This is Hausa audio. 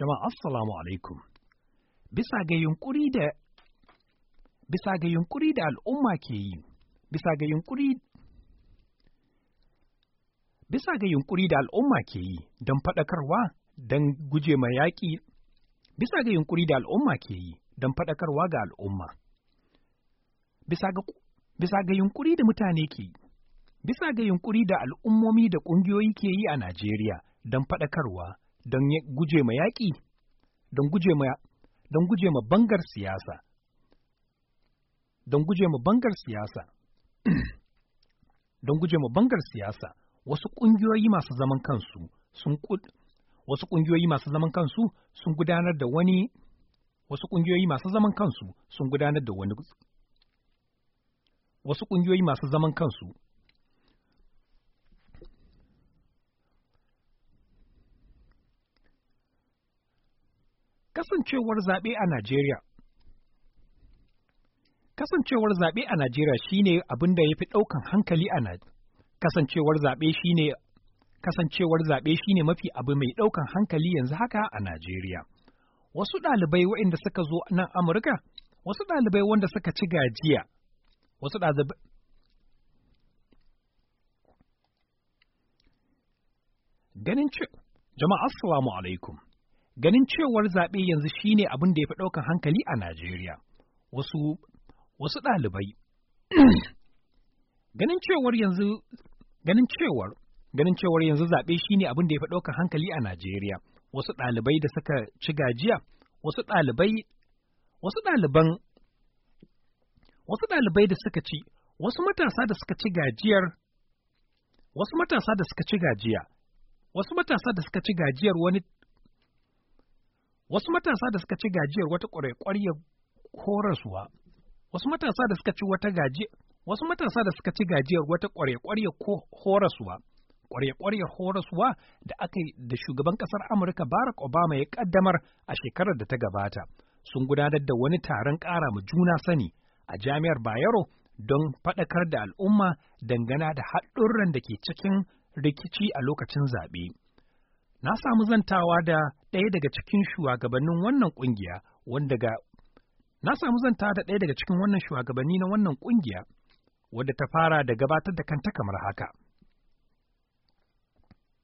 Jama'a assalamu alaikum. Bisa ga yunkuri da bisa ga yunkuri da al'umma ke yi, bisa ga yunkuri bisa ga yunkuri da al'umma ke yi don faɗakarwa don guje ma yaƙi bisa ga yunkuri da al'umma ke yi don faɗakarwa ga al'umma bisa ga bisa ga yunkuri da mutane ke yi bisa ga yunkuri da al'ummomi da ƙungiyoyi ke yi a Najeriya don faɗakarwa don guje ma yaƙi don guje ma don guje ma bangar siyasa don guje ma bangar siyasa don guje ma bangar siyasa wasu ƙungiyoyi masu zaman kansu sun wasu ƙungiyoyi masu zaman kansu sun gudanar da wani wasu ƙungiyoyi masu zaman kansu sun gudanar da wani wasu ƙungiyoyi masu zaman kansu Kasancewar zaɓe a Najeriya Kasancewar zaɓe a Najeriya shi ne abin da ya fi ɗaukan hankali a Najeriya. Kasancewar zaɓe shi ne mafi abu mai ɗaukan hankali yanzu haka a Najeriya. Wasu ɗalibai waɗanda suka zo nan Amurka, wasu ɗalibai wanda suka ci gajiya, wasu ɗalibai ganin ci jama'a assalamu alaikum Ganin cewar zaɓe yanzu shine abin da ya fi ɗaukan hankali a Najeriya. Wasu wasu ɗalibai. ganin cewar yanzu ganin cewar ganin cewar yanzu zaɓe shine abin da ya fi ɗaukan hankali a Najeriya. Wasu ɗalibai da suka ci gajiya, wasu ɗalibai wasu ɗaliban wasu ɗalibai da suka ci, wasu matasa da suka ci gajiyar wasu matasa da suka ci gajiya wasu matasa da suka ci gajiyar wani Wasu matasa da suka ci gajiyar wata ƙwarya korasuwa wasu matasa da suka ci wata gaji, wasu matasa da suka ci gajiyar wata ko horaswa, ƙwarya horaswa da aka da shugaban ƙasar Amurka Barack Obama ya ƙaddamar a shekarar da ta gabata, sun gudanar da wani taron ƙara mu juna sani a jami'ar Bayero don faɗakar da al'umma dangana da haɗurran da ke cikin rikici a lokacin zaɓe. Na samu zantawa da ɗaya daga cikin shugabannin wannan ƙungiya wanda ga na samu zanta da ɗaya daga cikin wannan shugabanni na wannan ƙungiya wadda ta fara da gabatar da kanta kamar haka.